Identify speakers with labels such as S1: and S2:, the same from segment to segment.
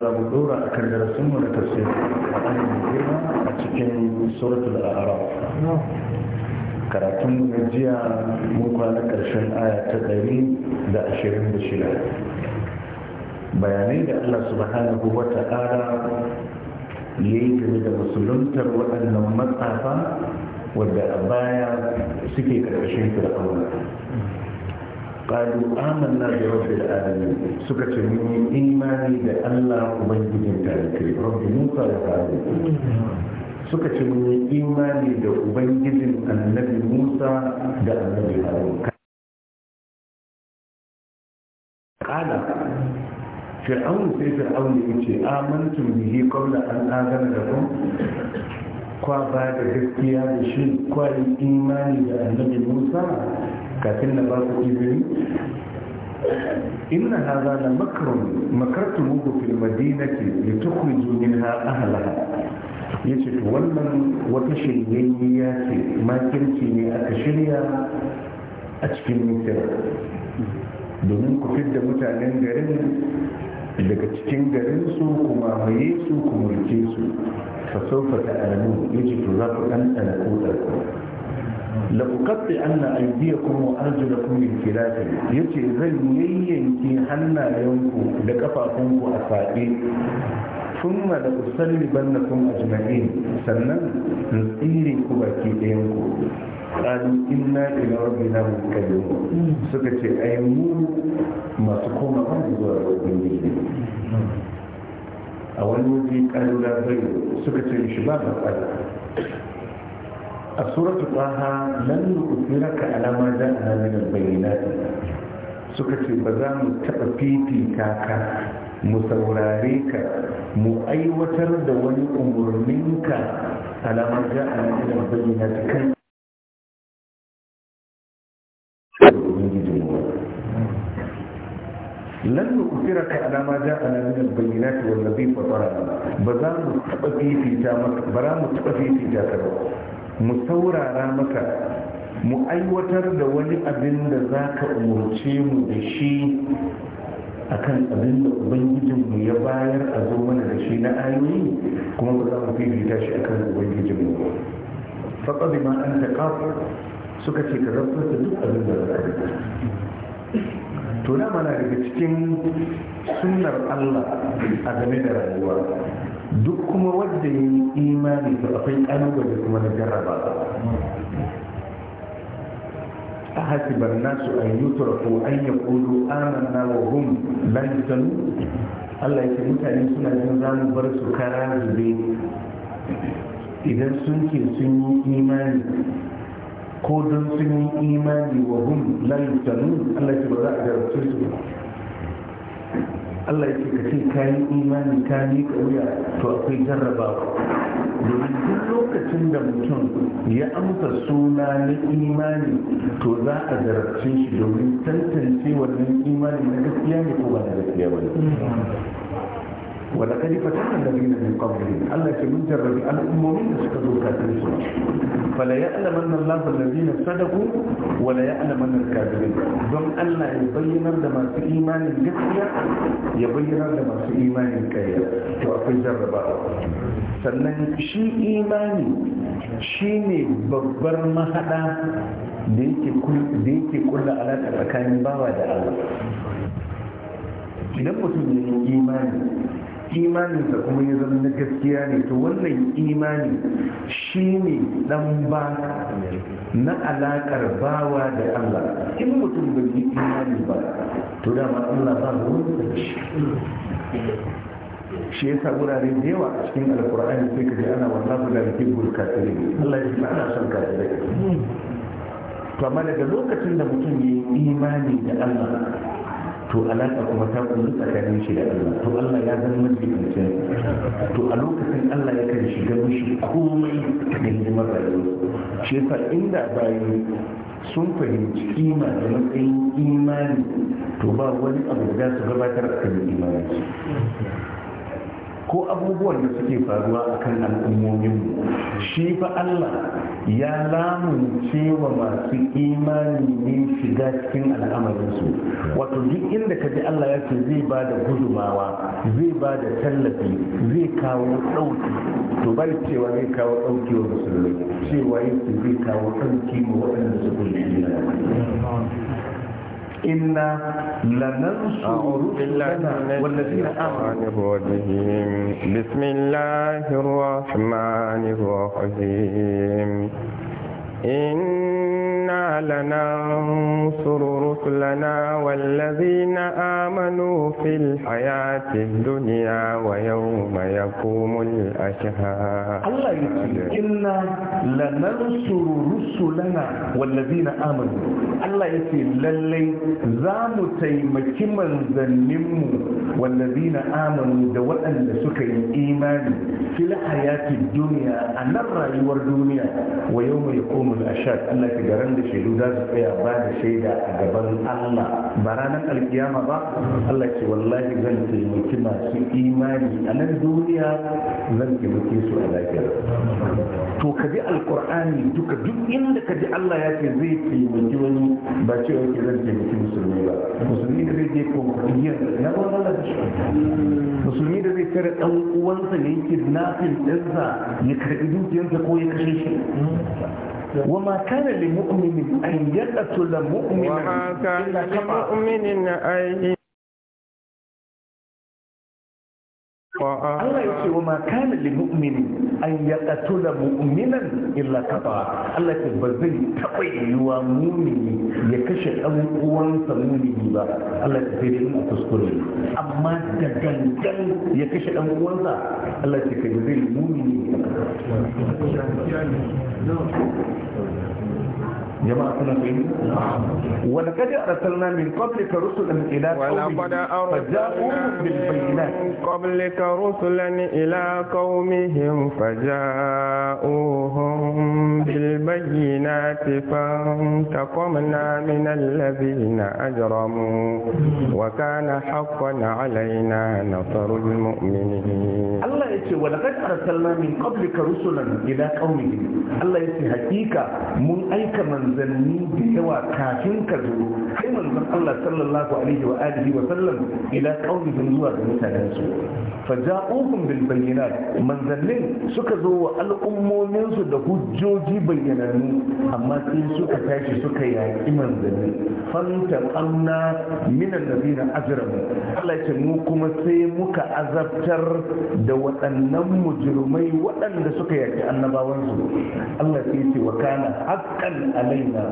S1: zamu dora a kan darasinmu da tafsir a ɗanin girma a cikin suratul a'raf karatun gajiya mun kwana ƙarshen aya ta ɗari da ashirin da shida bayanai da allah subhanahu wa ta'ala ya yi game da musuluntar waɗannan matsafa wadda a baya suke ƙarƙashin fir'auna Kadu qalu amanna bi rabbil alamin suka ce mun yi imani da Allah ubangijin talibai rabbi musa da harun suka ce mun yi
S2: imani da ubangijin annabi musa da annabi harun kala fir'aun sai fir'aun ya ce amantum bihi qabla an da lakum kwa ba da
S1: gaskiya da shi kwa imani da annabi musa kafin na ba ku izini inna hadha la makrun makartum fil madinati litukhriju minha ahlaha yace to wannan wata shiryayya ce makirci ne aka shirya a cikin misira domin ku fidda mutanen garin daga cikin garin su kuma maye su kuma rike su fa ta alamu yace to za ku dan tsana ko لأقطع أن أيديكم وأرجلكم من خلاف يتي إذن ييينتي حنا يومكم لكفاكم وأفائي ثم لأسلل بلنكم أجمعين سنة نصيري كباكي إيمكم قالوا إنا إلى ربنا مكلمون سكتي أيمون ما تقوم عن زوار ربنا أول مجيء قالوا لا غير سكتي إشباه قالوا a suratu taha lan nu'thiraka ala ma ja'ana min bayyana su, suka ce ba za mu taɓa fifita ka mu saurare
S2: ka mu aiwatar da wani umarninka alamar ja'ana min al-bayyinat kan lan nukfira ka alama ja ana min albayyinati
S1: wal ladhi fatara ba za mu taba fifita maka ba za mu taba fifita ka mu saurara maka mu aiwatar da wani abin da za ka umarce mu da shi a kan abin da ubangijinmu ya bayar a zo mana da shi na ayoyi kuma ba za mu fifita shi a akan ubangijinmu faɗa bi ma an suka ce ka zafi da duk abin da za ka to na mana daga cikin sunnar Allah a game da rayuwa duk kuma wadda ya yi imani to akwai kalubale kuma na jarraba a hasiban nasu a yi turafu an ya kudu amanna wa hum lantanu allah ya ce mutane suna jin za mu bar su kara zube idan sun ce sun yi imani ko don sun yi imani wa hum lantanu allah ya ce ba za a jarabce su ba Allah ya ce ka ce ka yi imani ka yi kauya to akwai jarrabawa domin duk lokacin da mutum ya amsa suna na imani to za a jarabce shi domin tantance wannan imani na gaskiya ne ko ba na gaskiya ba ne ولقد فتن الذين من قبلهم الا يكي من جرب الأمومين كاتبين فلا يعلم أن الله الذين صدقوا ولا يعلم أن الكاذبين ضم الله يبين لما في إيمان الجسية يبين لما في إيمان الكيا وأقول جربا sannan shi imani shi ne babbar mahada da yake kulla alaƙa tsakanin bawa da Allah idan mutum ya yi imani imanin da kuma ya zama na gaskiya ne to wannan imani shi ne dan ba na alakar bawa da Allah in mutum bai yi imani ba to dama Allah ba ruwan shi ya sa wurare da yawa a cikin alkur'ani sai ka ji ana wallahu da yuhibbul kafirin Allah ya ana son kafirai to amma daga lokacin da mutum ya yi imani da Allah to alaƙa kuma ta kullu tsakanin shi da Allah to Allah ya zama majibincin to a lokacin Allah ya kan shiga mishi komai da hidimar rayuwa shi yasa inda bayi sun fahimci kima da matsayin imani to ba wani abu da za su gabatar a kan imani ko abubuwan da suke faruwa a kan al'ummominmu shi fa Allah ya lamunce wa masu imani ne shiga cikin al'amarinsu wato duk inda ka ji Allah ya ce zai ba da gudumawa zai ba da tallafi zai kawo ɗauki to bari cewa zai kawo ɗauki wa musulmai cewa yake zai kawo ɗauki wa waɗanda su kulle إنا لننصر والذين آمنوا
S3: بسم الله الرحمن الرحيم إنا لننصر رسلنا والذين آمنوا في الحياة الدنيا ويوم يقوم الأشهاد الله يقول إنا لننصر رسلنا والذين آمنوا الله يقول للي
S1: زام تيمك من ذنم والذين آمنوا دواء لسكي إيمان في الحياة الدنيا أن الرأي والدنيا ويوم يقوم yawmul ashad Allah ke garan da shaidu za su tsaya ba da shaida a gaban Allah ba ranar alkiyama ba Allah ce wallahi zan taimaki masu imani a nan duniya zan taimaki su a lafiya to ka ji alkur'ani duka duk inda ka ji Allah ya ce zai taimaki wani ba ce wani zan taimaki musulmi ba musulmi da zai je konkuriyar na ba Allah da shi musulmi da zai kare dan uwansa ne yake nafin ɗinsa ya karɓi dukiyarsa ko ya kashe shi
S2: وما كان لمؤمن أن يقتل مؤمنا إلا خطأ لمؤمن Allah ya ce wa ma kana lil mu'mini an yaqtula mu'minan illa
S1: qata Allah ya ce ba zai taba yiwa mu'mini ya kashe dan uwansa mu'mini ba Allah ya ce in kuskure amma da gangan ya kashe dan uwansa Allah ya ce kai zai mu'mini
S4: jama'a kuna fahimta wa
S1: laqad arsalna
S3: min qablika rusulan ila qaumihim faja'uhum rusulan فانتقمنا من الذين أجرموا وكان حقا علينا نصر المؤمنين
S1: الله يتي ولقد أرسلنا من قبلك رسلا إلى قومهم الله يتي حقيقة من أيك من manzanni da yawa kafin ka zo kai manzan Allah sallallahu alaihi wa alihi wa sallam ila qaumihim zuwa ga mutanen su fa ja'uhum bil bayyinat manzannin suka zo wa al'ummomin su da hujjoji bayyananu amma sai suka tashi suka yaki manzanni fantaqamna min allazina ajramu Allah ya ce mu kuma sai muka azabtar da waɗannan mujrimai waɗanda suka yaki annabawansu Allah sai ya ce wa kana haqqan alai alaina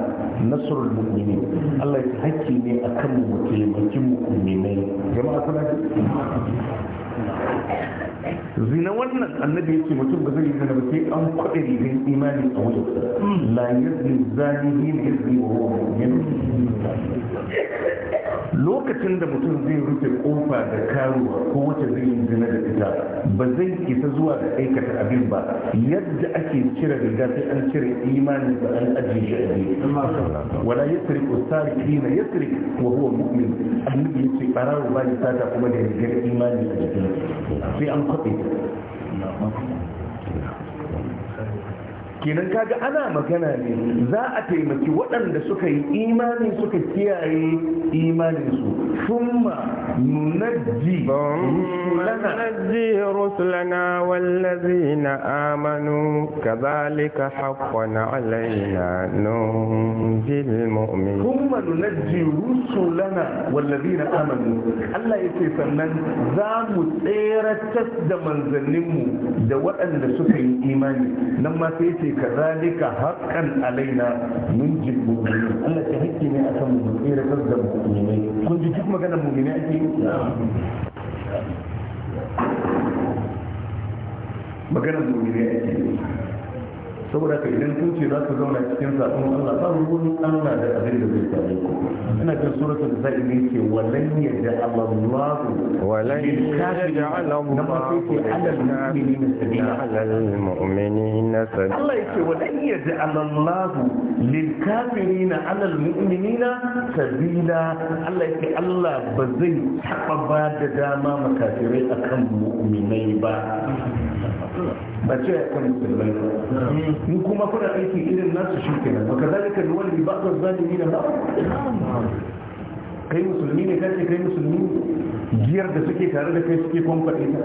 S1: nasrul mu'minin Allah ya hakki ne akan mu mu taimaki mu'minai jama'a zina wannan annabi ce mutum ba zai zina ba sai an kwaɗe rigar imani a wajen la yazni zani ne ne yazni wa huwa mu'min lokacin da mutum zai rufe kofa da karuwa ko wata zai yi zina da ita ba zai isa zuwa ga aikata abin ba yadda ake cire riga sai an cire imani da an ajiye shi a gefe wala yasri ustari kina yasri wa huwa mu'min annabi ce, barawo ba ya sata kuma da rigar imani a jikin sai an
S4: الخطيب
S1: kenan kaga ana magana ne za a taimaki waɗanda suka yi imani suka kiyaye imanin su thumma nunajji nunajji
S3: rusulana wallazina amanu kadhalika haqqan alaina nunjil mu'min
S1: thumma nunajji rusulana wallazina amanu Allah yace sannan za mu tseratar da manzanninmu da waɗanda suka yi imani nan ma sai yace kazalika haqqan alaina mun jibbu Allah ta hakki ne akan mu tsira da mu'mini kun ji duk maganar mu'mini ake maganar mu'mini ake saboda ka idan kun ce za ku zauna cikin sabon Allah ba ruwan Allah da abin da zai same ku ina kan suratul nisa'i ne ce walan yadda da walan yadda Allahu na ma sai ke alal mu'minina sabila alal
S3: mu'minina sabila Allah yake
S1: walan yadda Allahu lil kafirina alal mu'minina sabila Allah yake Allah ba zai taba ba da dama makafirai akan mu'minai ba ba ce akan musulmai ba in kuma kuna aiki irin nasu shi kenan wa kazalika nuwalli ba'd az-zalimin ba. kai musulmi ne kace kai musulmi giyar da suke tare da kai suke kwamfade ta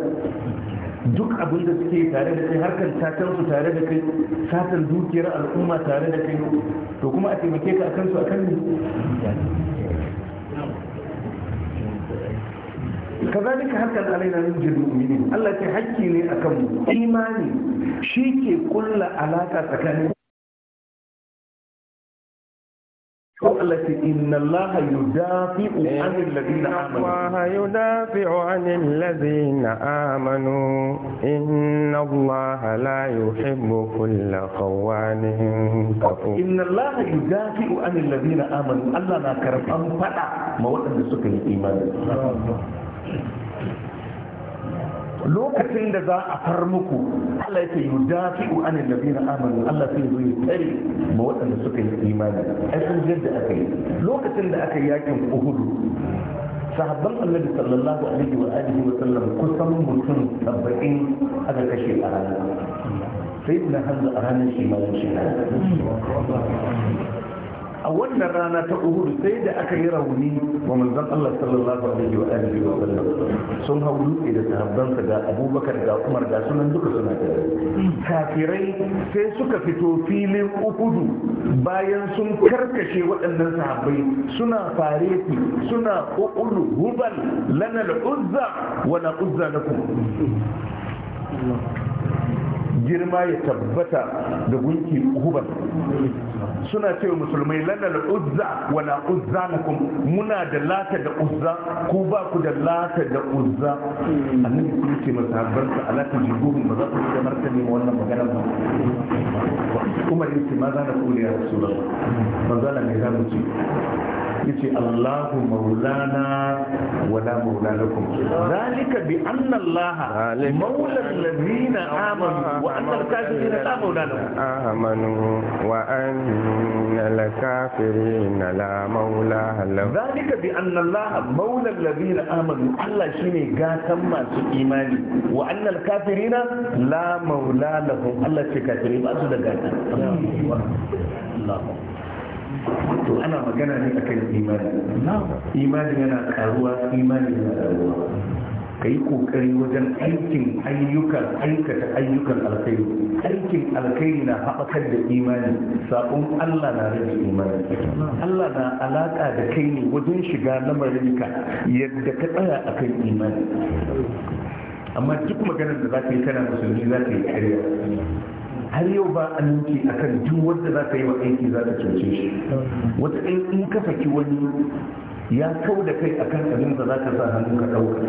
S1: duk abin da suke tare da kai harkar satan su tare da kai satan dukiyar al'umma tare da kai to kuma a taimake ka akan su akan
S4: ne
S1: kazalika hakan alaina nujjil mu'minin
S2: Allah hakki ne akan mu imani ke kulla alaka tsakanin ko Allah ce inna Allah yudafi'u 'anil ladina amanu
S3: Allah yudafi'u 'anil ladina amanu inna Allah la yuhibbu kulla khawanin kafur inna Allah Allah na karban faɗa
S1: ma waɗanda suka yi imani lokacin da za a far muku Allah yake yi dafi'u anil ladina amanu Allah sai zo ya tsare ma waɗanda suka yi imani ai sun yadda aka yi lokacin da aka yi yakin Uhud sahabban Annabi sallallahu alaihi wa alihi wa sallam kusan mutum 70 aka kashe a ranar sai ibn Hamza a ranar shi ma shi a wannan rana ta uhud sai da aka yi rauni wa manzon Allah sallallahu alaihi wa alihi wa sallam sun hau dutse da sahabbansa da Abubakar da Umar da sunan duka suna tare kafirai sai suka fito filin Uhudu bayan sun karkashe waɗannan sahabbai suna fareti suna uqulu hubal lana al-uzza wa la lakum girma ya tabbata da gunki uhuban suna wa musulmai lanar uzza wala uzza lakum muna da lata da uzza ku ba ku da lata da uzza annabi kuma ce masahabarsa ala tajibuhum ba za ku da martani ma wannan magana ba umar yake ma za na kula ya rasulullah manzala me za mu ce yace Allahu
S3: maulana wala maula lakum zalika
S1: bi anna Allah maula alladhina amanu wa anna al-kafirina la maula
S3: lahum amanu wa anna al-kafirina la maula lahum zalika
S1: bi anna Allah maula alladhina amanu Allah shine gatan masu imani wa anna al-kafirina la maula lahum Allah ce kafiri ba su da gata to ana magana ne akan imani imani yana karuwa imani yana karuwa ka yi kokari wajen aikin ayyukan aikata ayyukan alkhairi aikin alkhairi na haɓakar da imani saƙon allah na rage imani allah na alaƙa da kai ne wajen shiga lamarinka yadda ka tsaya a kan imani amma duk maganar da za ka yi kana musulmi za ka yi karya har yau ba aminci kan duk wanda za ka yi wa aiki za ka cece shi wata in ka saki wani ya kau da kai akan abin da za ka sa hannu ka ɗauka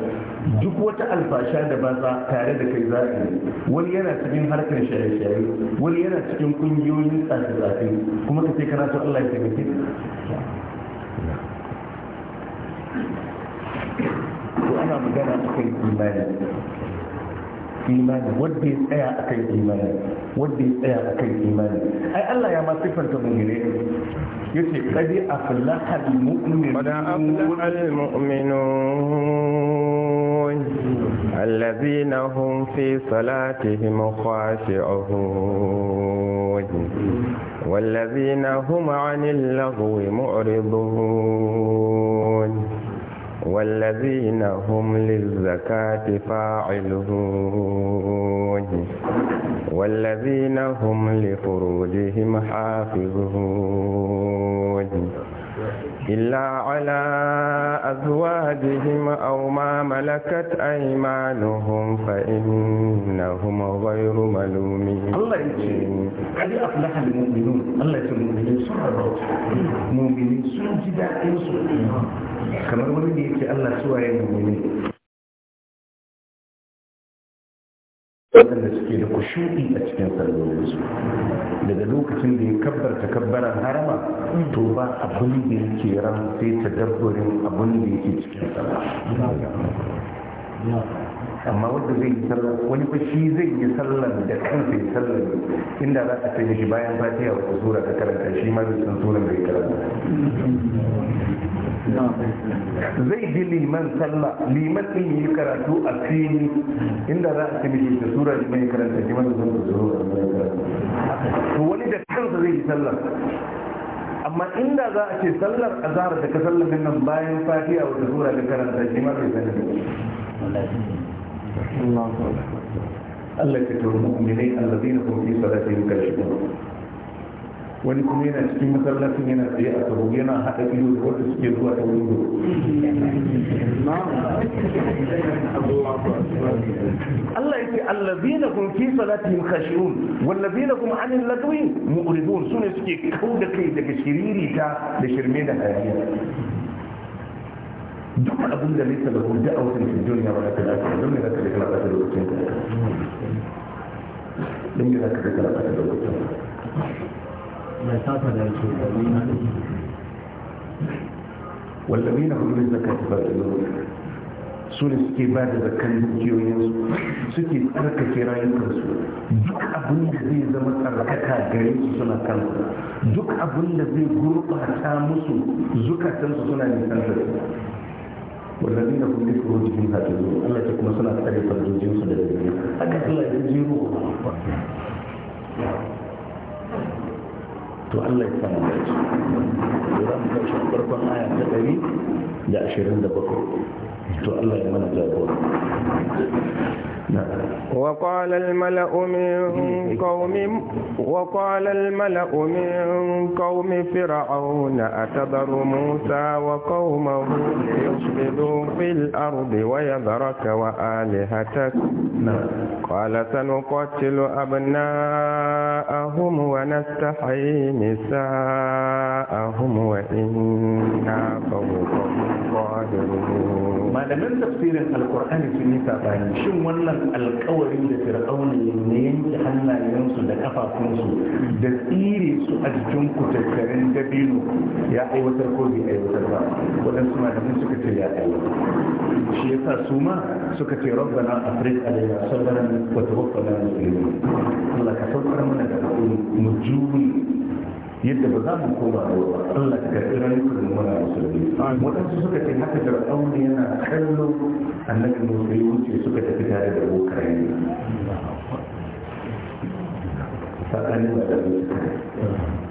S1: duk wata alfasha da ba za tare da kai za yi. wani yana cikin harkar shaye-shaye wani yana cikin ƙungiyoyin tsafi-tsafi kuma ka ce kana Allah ya taimake ana magana kan imani imani wanda ya tsaya akan imani wanda ya tsaya akan imani
S3: ai Allah ya ma sifanta mu'mine yace qad aflaha al-mu'minun qad aflaha al-mu'minun الذين hum في صلاتهم خاشعون والذين هم عن اللغو معرضون والذين هم للزكاة فاعلون والذين هم لفروجهم حافظون إلا على أزواجهم أو ما ملكت أيمانهم فإنهم غير ملومين الله يجزيك
S4: قد أفلح
S2: المؤمنون الله يجزيك المؤمنين سنة المؤمنين سورة جدا kamar wani da yake Allah suwaye ne waɗanda suke da kushuɗi a cikin sarrafinsu daga
S1: lokacin da ya kabbar kabbara harama to ba abin da yake ran sai ta dabbarin abin da yake cikin amma wanda zai yi sallar wani ba zai yi sallar da kansa sai sallar inda za a ce shi bayan fatiya wata sura ta karanta shi ma zai san suran bai karanta zai bi liman sallah liman din yi karatu a fili inda za a tabi da sura da mai karanta liman da zama da wani da kansa zai yi sallah amma inda za a ce sallar azhar da ka sallar nan bayan fatiha wata sura da karanta liman zai sallar Allah ka tauri mu'minai allazina hum fi salatihim khashi'un wani kuma yana cikin masallacin yana tsaye a tsaro yana haɗa ido da wanda suke zuwa ta wundo Allah yake allazina kun fi salatihim khashiyun wallazina kuma anil lagwi mu'ridun sune suke kauda kai daga shiririta da shirme da hayaniya duk abin da nisa da hudu a wasan shi duniya ba ta lafiya don ne za ka da kana ɓata lokacin ka don ne za ka da kana ɓata lokacin ka wallabi na kudurin zakar ba da su ne suke ba da zakar dukiyoyinsu suke tsarkake rayukansu duk abin da zai zama tsarkaka gare su suna kansu duk abin da zai gurɓata musu zukatansu suna nisantar wallabi na kudurin zakar jikin ta Allah ce kuma suna tsare farjojinsu da dare haka Allah ya jiro to Allah ya samu da shi. Za mu farkon aya ta ɗari da ashirin da bakwai.
S3: وقال الملأ من hmm. قوم وقال الملأ من قوم فرعون أتذر موسى وقومه ليشبدوا في الأرض ويذرك وآلهتك قال سنقتل أبناءهم ونستحيي نساءهم وإنا فوقهم قادرون
S1: malamin tafsirin alkur'ani sun yi sabani shin wannan alkawarin da fir'auna ya ne yanke hannayensu da kafafunsu da tsire su a jikin kutattarin dabino ya aiwatar ko bai aiwatar ba waɗansu malamin suka ce ya aiwatar shi yasa su ma suka ce rabbana afrik alayna sabran wa tawaffana muslimin Allah ka saukar mana da hakuri mu yadda ba za mu koma da wa Allah ka tsiran da muna musulmi waɗansu suka ce haka da aure yana kallo annabi musulmi wuce suka tafi tare da bokaye tsakanin da da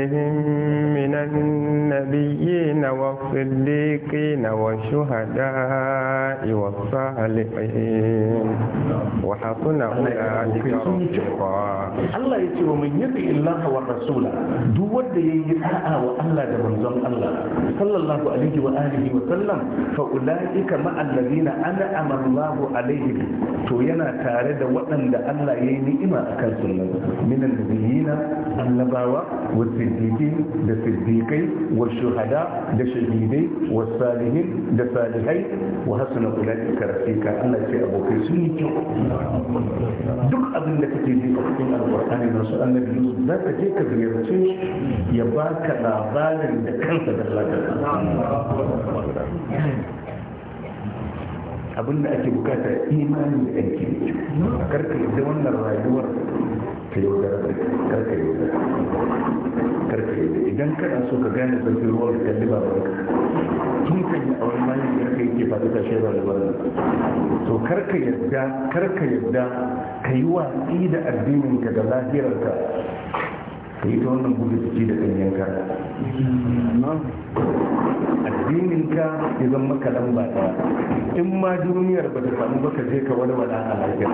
S3: عليهم من النبيين والصديقين والشهداء والصالحين وحسن أولئك رفيقا
S1: الله يتي ومن يطع الله والرسول دو ود يطاع والله ده منزل الله صلى الله عليه وآله وسلم فأولئك مع الذين أنعم الله عليهم تو yana tare da waɗanda Allah ya yi ni'ima a kan sunan minan nabiyina annabawa wasu شهيدين ده صديقي والشهداء ده شهيدي والصالحين ده صالحي وحسن اولئك رفيقا ان في ابو بكر سنك دوك ابن ده كتي في القران ان رسول الله بيقول ده كتي كبير تش يبارك الله ده كانت دلاله abin da ake bukata imanin da ake yi ka yaudar karka yaudar karka yaudar idan kana so ka gane sarki ruwa ka kalli baban tun ka yi auren bayan karka yake fata ta shaida da ba to karka yadda karka yadda ka yi watsi da addinin ka da lahirarka ka yi ta wannan gudu ciki da ɗanyenka addinin ka ya zama maka lamba ɗaya in ma duniyar ba ta samu ba ka je ka wani wada a lafiya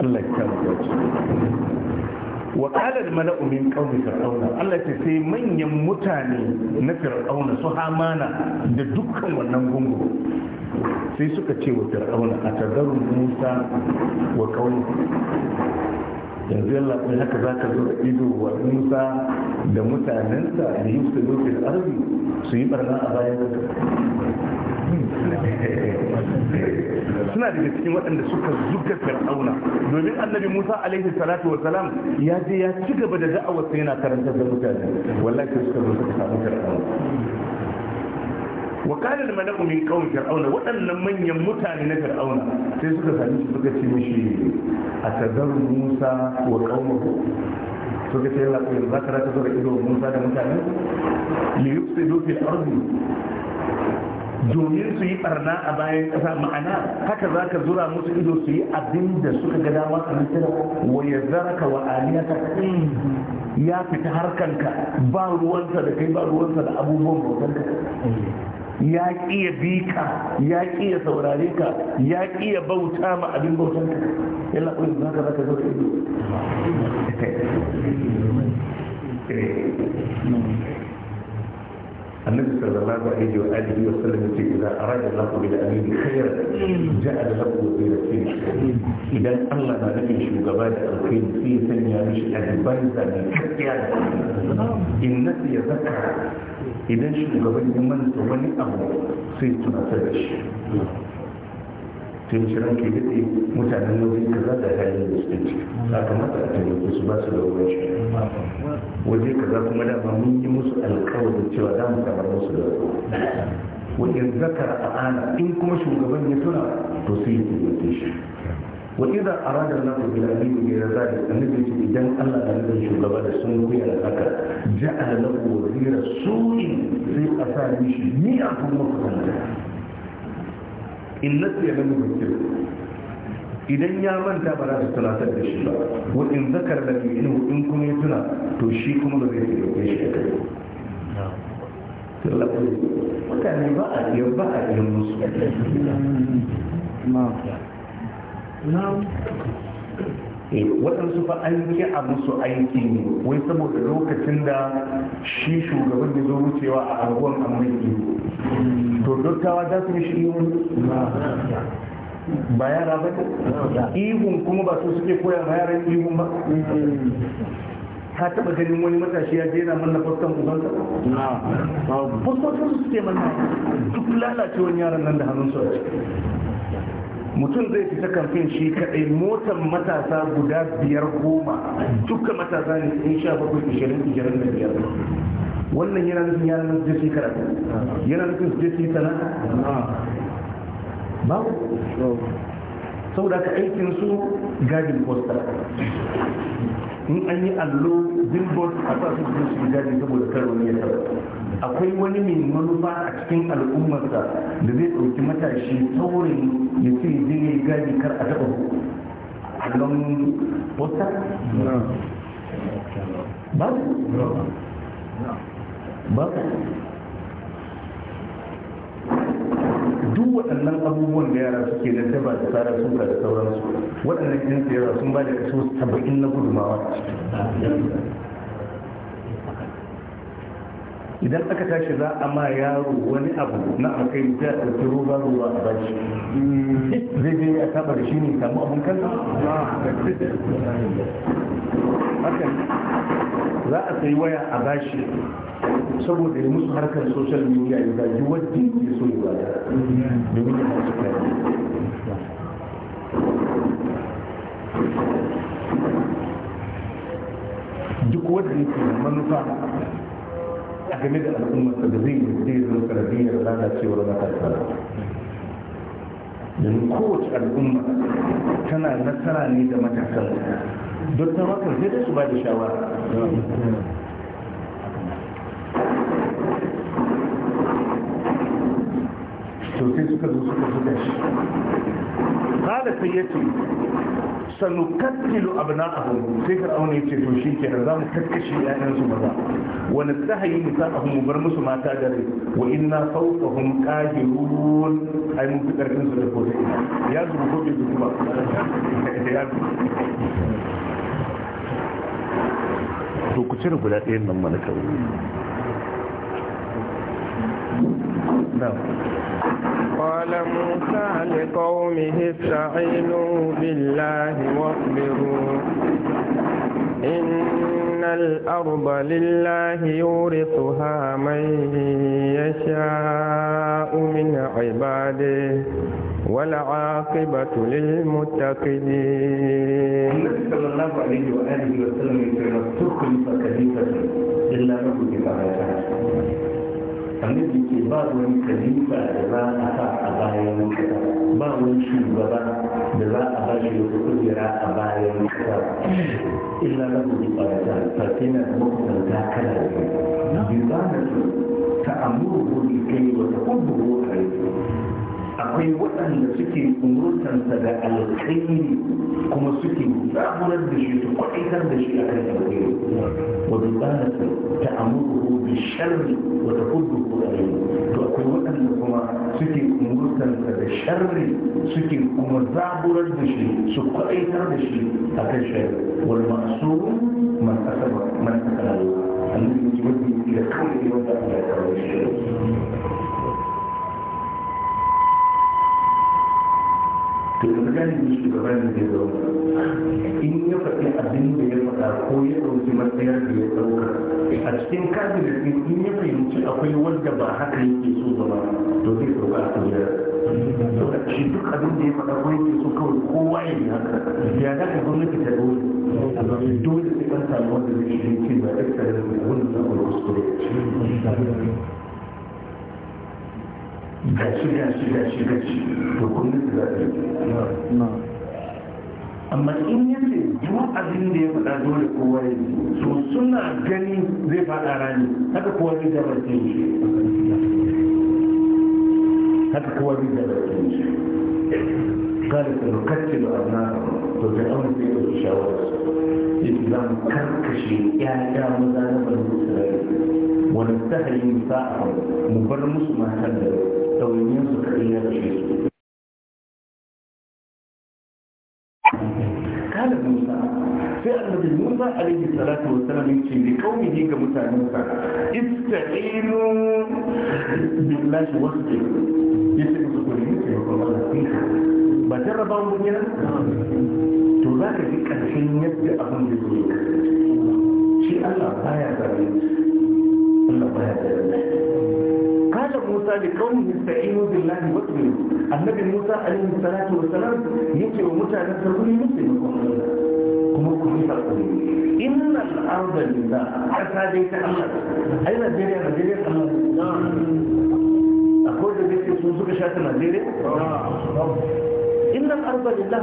S1: Allah ya kama da shi wa qala min fir'auna Allah ya sai manyan mutane na fir'auna su hamana da dukkan wannan gungu sai suka ce wa fir'auna atadaru musa wa qawmi yanzu yalla kai haka za ka zo da ido wa musa da mutanensa da yi su lokacin arzi su yi barna a bayan suna daga cikin waɗanda suka zuga fir'auna domin annabi musa alaihi salatu wasalam ya je ya ci gaba da da'awar sai yana karantar da mutane wallahi suka zo suka samu fir'auna wa kana da malaku min kawai fir'auna waɗannan manyan mutane na fir'auna sai suka sami su suka ce mishi a tazar musa wa kaumahu suka ce la kuyin za ka rata zuwa ido musa da mutane li yufsi fil ardi domin su yi barna a bayan kasa ma'ana haka za ka zura musu ido su yi abin da suka ga dama a misira wa ya zaraka wa aliyaka ya fita harkanka ba ruwansa da kai ba ruwansa da abubuwan bautanka ya ƙi ya bi ka ya ƙi ya saurare ka ya ƙi ya bauta ma abin bautan ka ya laɓoyi ba ka zaka zaka ido النبي صلى الله عليه وآله وسلم إذا أراد الله بالأمين خيرا جعل له وزيرا فيه إذا الله ما نبي شو قبال الخير في سنة مش أدبايزا من كتيان إن نسي ذكر idan shugaban ya manta wani abu sai tunatar da shi tun shirin daɗe mutanen wajen kaza ta halin da suke ciki a kamata a taimake su ba su da ruwan shi waje za kuma dama mun yi musu alkawarin cewa za mu samar musu da ruwa wa in zakara ana in kuma shugaban ya tuna to sai ya tabbata shi wa idan arada na ku bil alim bi razali annabi ce idan Allah da nan shugaba da sun kuya da haka ja'ala lahu wazira su'i sai a sa mishi ni a kuma kanta in ya lamu yukir idan ya manta ba za ta tunatar da shi ba wa in zakar da in kuma ya tuna to shi kuma ba zai tabbata shi a kai mutane ba a ba a musu eh, waɗansu fa an yi a musu aiki ne wai saboda lokacin da shi shugaban da zo wucewa a anguwan amai to dottawa za su yi shi ba yara ba ihun kuma ba su suke koya ma yaran ihun ba mm. ta taba ganin wani matashi ya jera manna fuskan ubansa fuskokin su suke mana duk lalacewar yaran nan da hannun su a ciki mutum zai fita kamfen shi kadai motar matasa guda biyar goma dukkan matasa ne sun sha bakwai ishirin ishirin da biyar wannan yana nufin yana nufin su je su karatu yana nufin su je su yi sana'a babu saboda ka aikin su gadin posta in an yi allo billboard a sa su su su saboda kar ya taɓa akwai wani mai manufa a cikin al'ummarsa da zai ɗauki matashi taurin ya ce zai yi gaji kar a taɓa allon wata ba ba duk waɗannan abubuwan da yara suke na ba da tsara suka da sauransu waɗannan yan tsira sun ba da kaso saba'in na gudumawa a idan aka tashi za a ma yaro wani abu na akai sai a ɗauki ruwa ruwa a bashi zai je a taɓa da shi ne samu abin kansa hakan za a sayi waya a bashi saboda ya musu harkar social media ya zagi wajen ya so ya zagi domin ya masu kare duk wadda yake manufa جميل أن أم التدريب كثير من الكلابين لا نفسي ولا نفسي من قوت الأمة كما نترى نيدا ما تحصل دلت نواكر جدا سبادي شوارع سوتيسك دوسك دوسك قال سيدتي Sannu sanukattilu abna'ahum sai ka fir'auna ce to shikenan zamu kakkashi ƴaƴan su maza Wani wa nastahi a mu bar musu mata da rai wa inna fawqahum qahirun ai mun fi karfin su da kodi ya zuru ko bai zuru ba to ku cire guda ɗayan nan mana kawai
S3: قال موسى لقومه استعينوا بالله واصبروا إن الأرض لله يورثها من يشاء من عباده والعاقبة للمتقين النبي صلى
S1: الله عليه وآله وسلم يقول تخلف كلمة إلا نبت بعدها النبي ba wani kalifa da za a sa a bayan kasa ba wani shugaba da za a ba shi wata kujera a bayan kasa illa na kuji ɓarata fatina da makusanta kala da ta amuru ko kai wata kudu ko akwai waɗanda suke umurtansa da alkhairi kuma suke zaburar da shi su kwaɗaitar da shi a kan alkhairi wadda tsara tsanata ta amuru bi sharri wata ta hudu kuɗaɗe to akwai waɗanda kuma suke umurtansa da sharri suke kuma zaburar da shi su kwaɗaitar da shi a kan sharri wani masu man asaba annabi ne wanda kawai wanda ya kawo to da gani ne shugaban da zai zauna in ya faɗi abin da ya faɗa ko ya ɗauki matsayar da ya ɗauka a cikin kabinet ɗin in ya fahimci akwai wanda ba haka yake so zama to zai ɗauka a kujerar shi duk abin da ya faɗa ko yake so kawai kowa ya yi haka ya za gwamnati ta dole dole sai an samu wanda zai shi ne ba ɗaya da wani na wani kuskure gashi gashi gashi gashi to kullum su zaɓe amma in ya ce duk abin da ya faɗa dole kowa ya so suna gani zai faɗa rani haka kowa zai gabar ta yi haka kowa zai gabar ta yi kada ka lokacce da abna to da an zai da shawara yake za mu karkashe ƴaƴa maza na bani isra'ila wani
S2: sahayin sa'a mu bar musu matan da ɗaunin su kaɗai ya kashe musa sai annabi musa alaihi salatu wa salam yace bi qaumihi ga mutanensa
S1: istaeenu billahi wasbiru yace ku ku ne ke ko ba jarraba mun yana to zaka ji karshen yadda abin da yake shi Allah baya zalunci Allah
S4: baya zalunci
S1: قال موسى لكونه يستعينوا بالله واتمنوا النبي موسى عليه الصلاة والسلام يمكن موسى أن تقولي مسلمكم
S2: إن الأرض لله
S1: حتى ديتها أين الزيرية الزيرية نعم أقول لديك سوزوك شاتنا الزيرية نعم إن الأرض لله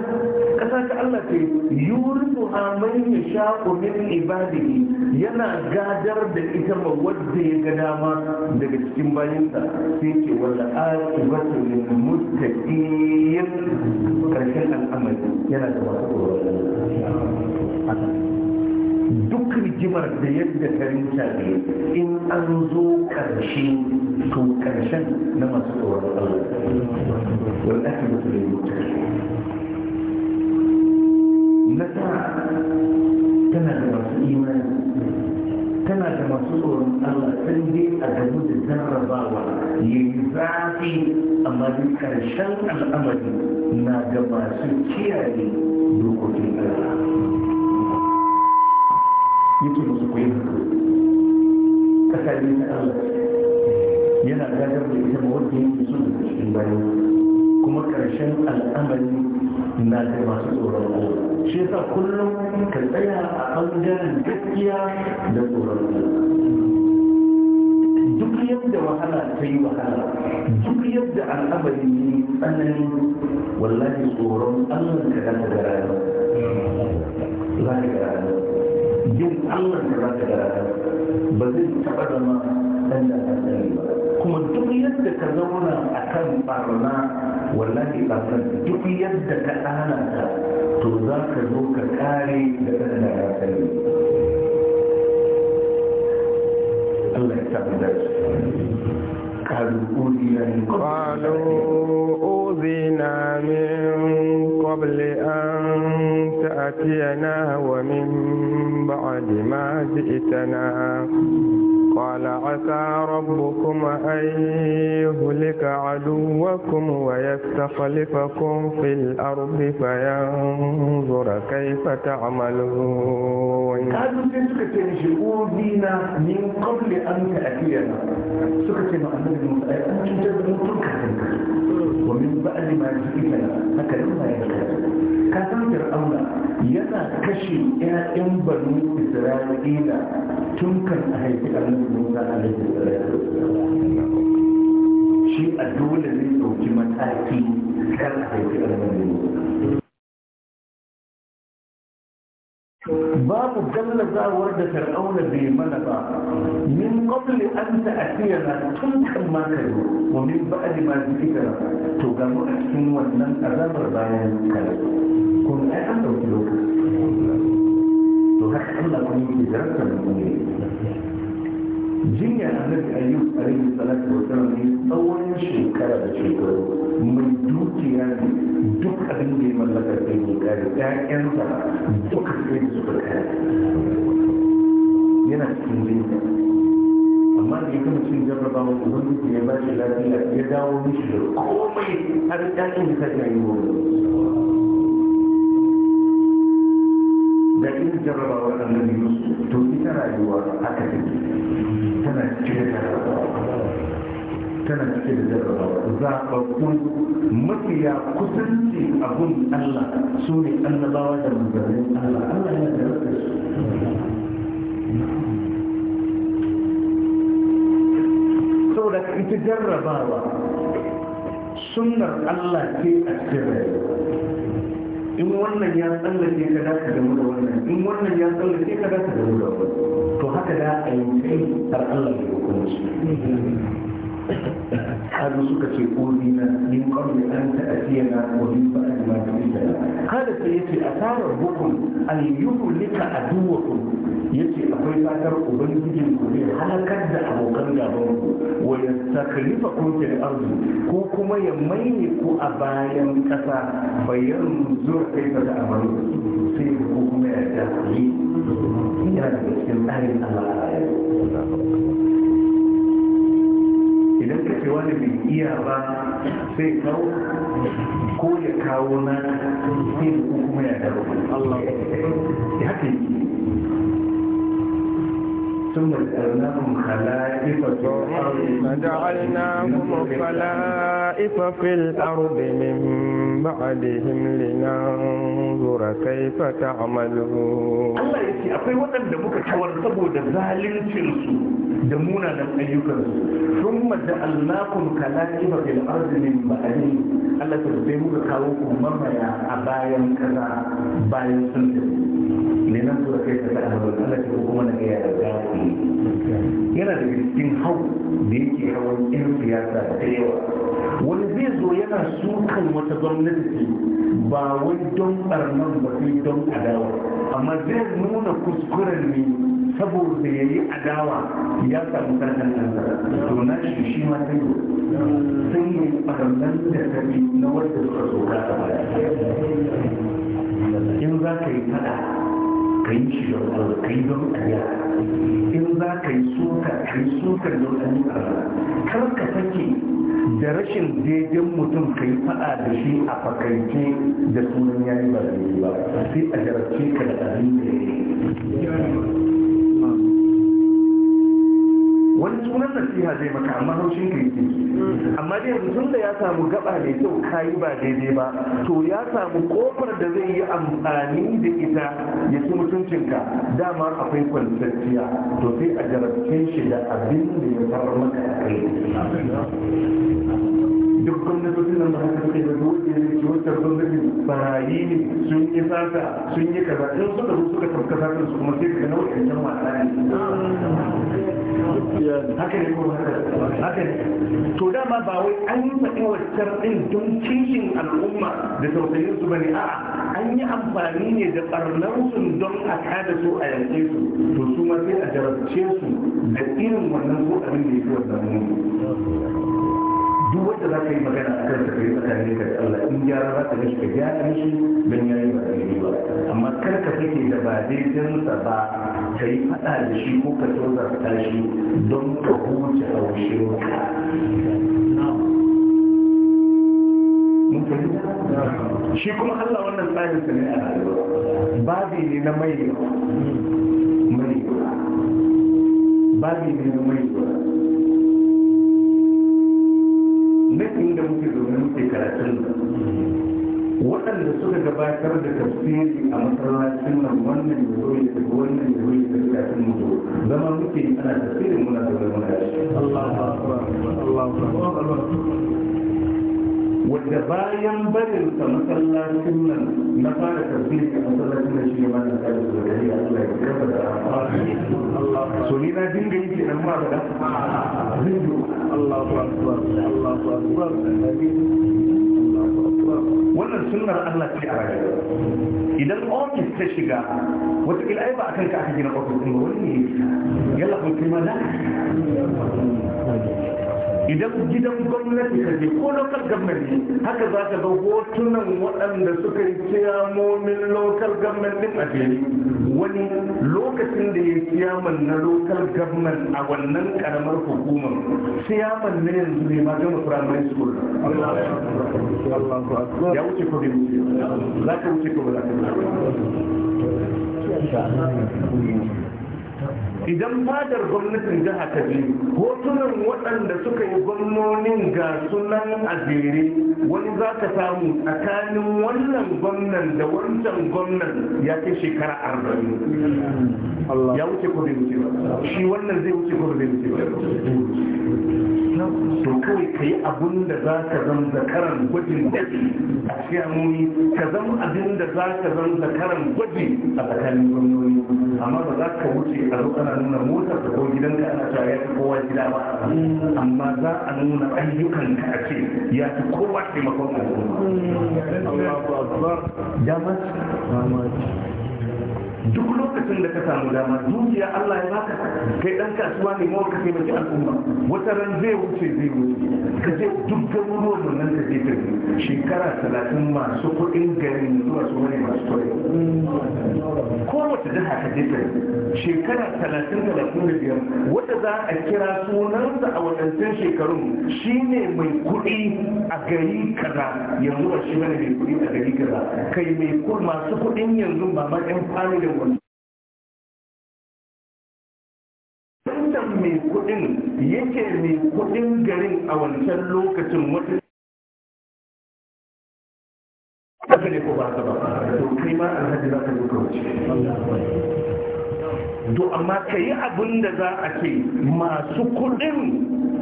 S1: Allah ce yurisu man yasha'u min ibadihi yana gadar da ita ba wanda ya ga dama daga cikin bayinsa sai ce wal aqibatu lil muttaqin karshen al'amari yana da wasu duk rigimar da yadda ta rinta in an zo karshe to karshen na masu tsoron Allah
S4: wal aqibatu lil muttaqin
S1: tana da masu imani tana da masu tsoron Allah sun dai a gabu da jarrabawa ya yi zafi amma duk karshen al'amari na da masu kiyaye dokokin Allah yake musu koyi kasar ta Allah yana gadar da ita ma wanda yake so da cikin bayan kuma karshen al'amari na ce masu tsoron ko shi yasa kullum ka tsaya a ɓangaren gaskiya da tsoron ko duk yadda wahala ta yi wahala duk yadda al'amari ne tsanani wallahi tsoron allah ka za ta gara za ka gara yin allah ka za ta gara ba zai taɓa zama ɗan da ta ba kuma duk yadda ka zauna a kan barna wallahi ba ka duk yadda ka ɗananta to za ka zo ka kare da ɗanana ya sani Allah ya samu
S3: dace قالوا أوذينا من قبل أن تأتينا ومن بعد ما جئتنا قال عسى ربكم أن يهلك عدوكم ويستخلفكم في الأرض فينظر كيف تعملون قالوا
S1: سكت شؤوننا من قبل أن تأتينا سكت النبي موسى أنتم تبنون ومن بعد ما لنا هكذا ما يتكلم كان فرعون yana kashe 'ya'yan banu isra'ila tun kan a haifi annabi musa
S2: alaihi shi a dole ne ɗauki mataki kan a haifi annabi musa باب الجنة ورد فرعون بمن من قبل أن
S1: تأتينا تنكا ما كانوا ومن بعد ما ذكرنا تقام أحسن وأنم أذاب ربانا كانوا كن أي أمر في الوقت تهك الله كن يجرسنا من جنيا أمر أيوب عليه الصلاة والسلام tsawon shekara da shekaru mai dukiya ne duk abin da ya mallaka sai ne kare ƴaƴansa duk sai da suka kare yana cikin jinta amma da ya gama cin jarrabawa ubangiji ya ba lafiya ya dawo mishi da komai har ƴaƴan da ta yi wani da in jarraba waɗannan yusuf to ita rayuwa aka take tana cike da tana cike da jarrabawa zaɓaɓɓun mafiya kusanci abun Allah su ne annabawa da manzannin Allah Allah ya
S4: jarraba su
S1: saboda ita jarrabawa sunnar Allah ke a cikin in wannan ya tsallake ka da ka damu da wannan in wannan ya tsallake ka da ka damu da wannan to haka da a yi kai har Allah ya hukunci kada suka ce ko ni na ni kawai an ta ko ni ba a jima da isa kada ke yace asarar hukum an yuhu lika aduwa ku yace akwai sakar ubangiji ku ne halakar da abokan gaban ku wa yastakhlifa kun fil ardi ko kuma ya maye ku a bayan kasa bayan zuwa kai ta amal sai ku kuma ya ta yi ya da cikin tarihin Allah ce wani bai iya ba sai kawo ko ya kawo na sai ko kuma ya dawo Allah ya haka yi ثم جعلناهم
S3: خلائف في الأرض من بعدهم لننظر كيف تعملون الله
S1: يسي أقول وأن دمك كور
S3: سبو دزالين تلسو da munanan
S1: ayyukansu sun madda alnakun kalakifa bil ardi min ba'di Allah ta sai muka kawo ku mamaya a bayan kaza bayan sun tafi ne nan sura kai ta kada ba Allah ta kuma na ga yara da yana da cikin hau da yake hawan irin siyasa da yawa wani zai zo yana sukan wata gwamnati ba wai don barnan ba sai don adawa amma zai nuna kuskuren ne saboda ya yi adawa ya samu sarkar kansa to na shi shi ma yi sun yi ɓarnan da tafi na wadda suka soka ta baya in za ka yi fada ka yi shi da wani ka yi don ɗaya in za ka yi soka ka yi soka da wani kar ka sake da rashin daidai mutum ka yi faɗa da shi a fakaice da sunan yayi ba da ba sai a jarabce ka da abin da ya yi sunan nasiha zai maka amma haushin ka yake amma dai mutum da ya samu gaba mai kyau kayi ba daidai ba to ya samu kofar da zai yi amfani da ita ya ci mutuncinka dama akwai kwanciyarciya to sai a jarabce shi da abin da ya faru maka a kai duk gwamnatocin nan ba haka yi da dole ne ki wata gwamnatin barayi ne sun yi sata sun yi kaza in suka zo suka tafka satar su kuma sai ka nawa yancan mata ne haka ne ko haka ne to dama ba wai an yi faɗi waccan ɗin don cikin al'umma da tausayin su ne a'a an yi amfani ne da ɓarnar su don a kada su a yanke su to su ma sai a jarabce su da irin wannan ko abin da ya fi wannan duk wanda za ka yi magana a kan kai tsakanin ka da Allah in gyara za ka gashi ka gyara mishi don ya yi ba daidai ba amma kar ka kake da ba daidansa ba ka yi faɗa da shi ko ka tozarta shi don ka huce haushin ka shi kuma Allah wannan tsarin sa ne a rayuwa babi ne na mai babi ne na mai karatun waɗanda suka gabatar da tafsiri a masallacin nan wannan ya zo ya tafi wannan ya zo ya tafi kafin mu zo zama muke ana tafsirin muna da wani muna shi wadda bayan barin sa masallacin nan na fara tafsiri a masallacin nan shi ne ma na kada su da ya Allah ya karfa da so ni na dinga yi kenan ma da Allah Allahu akbar Allahu akbar Allahu akbar wannan sunnar Allah ce a rayuwa idan ofis ta shiga wata ai ba a kanka aka gina ofis ɗin ba wani ne yalla kuma na idan gidan gwamnati ka ce ko lokal government ne haka za ka ga hotunan waɗanda suka yi kiyamomin lokal government din a fili wani lokacin da ya kiyaman na lokal government a wannan karamar hukumar kiyaman na yanzu ne ma gama primary school ya wuce ko za ka wuce ko ba za
S4: ka wuce
S1: idan fadar gwamnatin jiha ta je hotunan waɗanda suka yi gwamnonin ga sunan a jere wani za ka samu tsakanin wannan gwamnan da wancan gwamnan ya kai shekara arba'in ya wuce ko wuce ba shi wannan zai wuce ko da wuce ba to kawai ka yi abin da za ka zan zakaran gwajin daɗi a cikin ka zan abin da za ka zan zakaran gwaji a tsakanin gwamnoni amma ba za ka wuce a zo ana nuna motar da ko gidanka ana tare ya kowa gida ba amma za a nuna ayyukan ka a ce ya fi kowa taimakon al'umma. Allahu Akbar. duk lokacin da ka samu dama dukiya Allah ya baka kai dan kasuwa ne mawa ka taimaki al'umma wata ran zai wuce zai wuce ka je duk garuruwan nan ka je tafi shekara talatin masu kuɗin garin zuwa su wani masu ko wata jiha ka je tafi shekara talatin talatin da biyar wata za a kira sunansa a waɗancan shekarun shine mai kuɗi a gari kaza yanzu
S2: ba shi bane mai kuɗi a gari kaza kai mai kuɗi masu kuɗin yanzu ba ma ɗan kwanu da irin mai kudin yake mai kudin garin a wancan lokacin mutum haka ne ko ba ta ba to kai ma alhaji za ka yi kauce
S1: to amma ka yi abin da za a ce masu kudin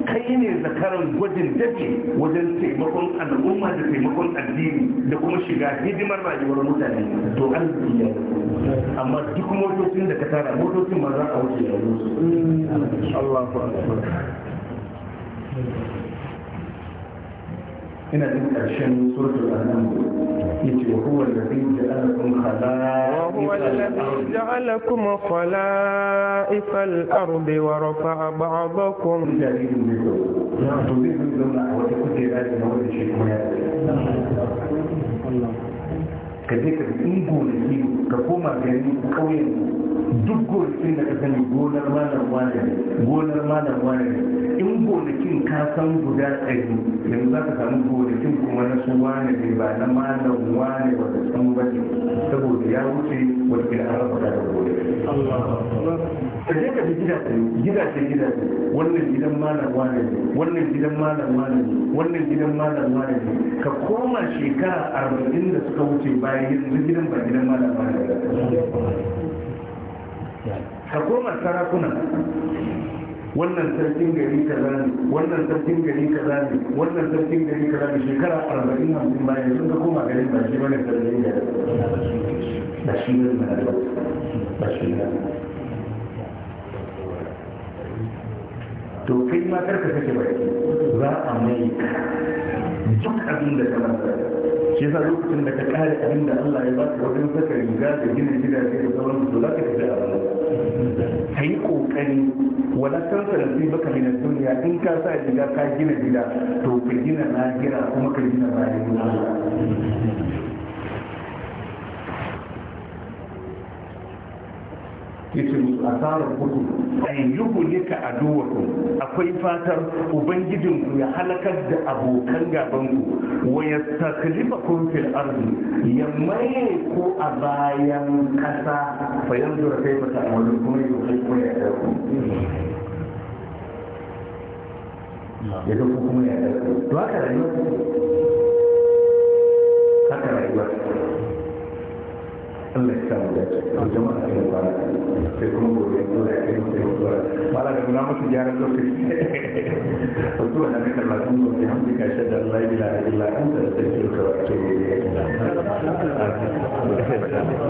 S1: kai ne zakaran gwajin dace wajen taimakon al'umma da taimakon addini da kuma shiga hidimar rayuwar mutane to an biya amma duk motocin da ka tara motocin ma za a wuce da musu Allahu akbar ina jin ƙarshen suratul anam yace wa huwa allazi ja'alakum khala'ifa wa allazi
S3: ja'alakum khala'ifa al-ard wa rafa'a ba'dakum jaririn ne to to zai zo da wata kujera da wani shi kuma ya Allah
S1: ka je ka in ka koma gari ƙauyen duk gonakin da ka sani gonar malar wane gonar malar wane in gonakin ka san guda ɗari yanzu za ka samu gonakin kuma na su wane ne ba na malar wane ba da san ba ne saboda ya wuce wata kila an rafa da gonakin ka je ka ji gidaje gidaje gidaje wannan gidan malam wane ne wannan gidan malam wane ne wannan gidan malam wane ne ka koma shekara arba'in da suka wuce bayan gidan ba gidan malam wane ka koma sarakuna wannan sarkin gari kaza ne wannan sarkin gari kaza ne wannan sarkin gari kaza ne shekara arba'in hamsin bayan sun ka koma garin ba shi bane sarkin gari ba shi ne ba shi ne to kai ma karka kake baki za a mai duk abin da ka masa shi yasa lokacin da ka kare abin da Allah ya ba ka wajen saka riga da gina gida da sauran su za ka tafi a kai kokari wala san san sai baka mina duniya in ka sa riga ka gina gida to ka gina na gida kuma ka gina na Allah yace musu asarar kudu an yuhlika ku akwai fatar ku ya halakar da abokan waya wa yastakhlifakum fil ardi ya maye ku a bayan kasa fa yanzu da kai fata a wajen kuma yau kuma ya ku ya ku. kuma ya ku to haka rayuwa haka rayuwa Allah ya samu dace to jama'a sai ya fara sai kuma gobe Allah ya ila ila anta da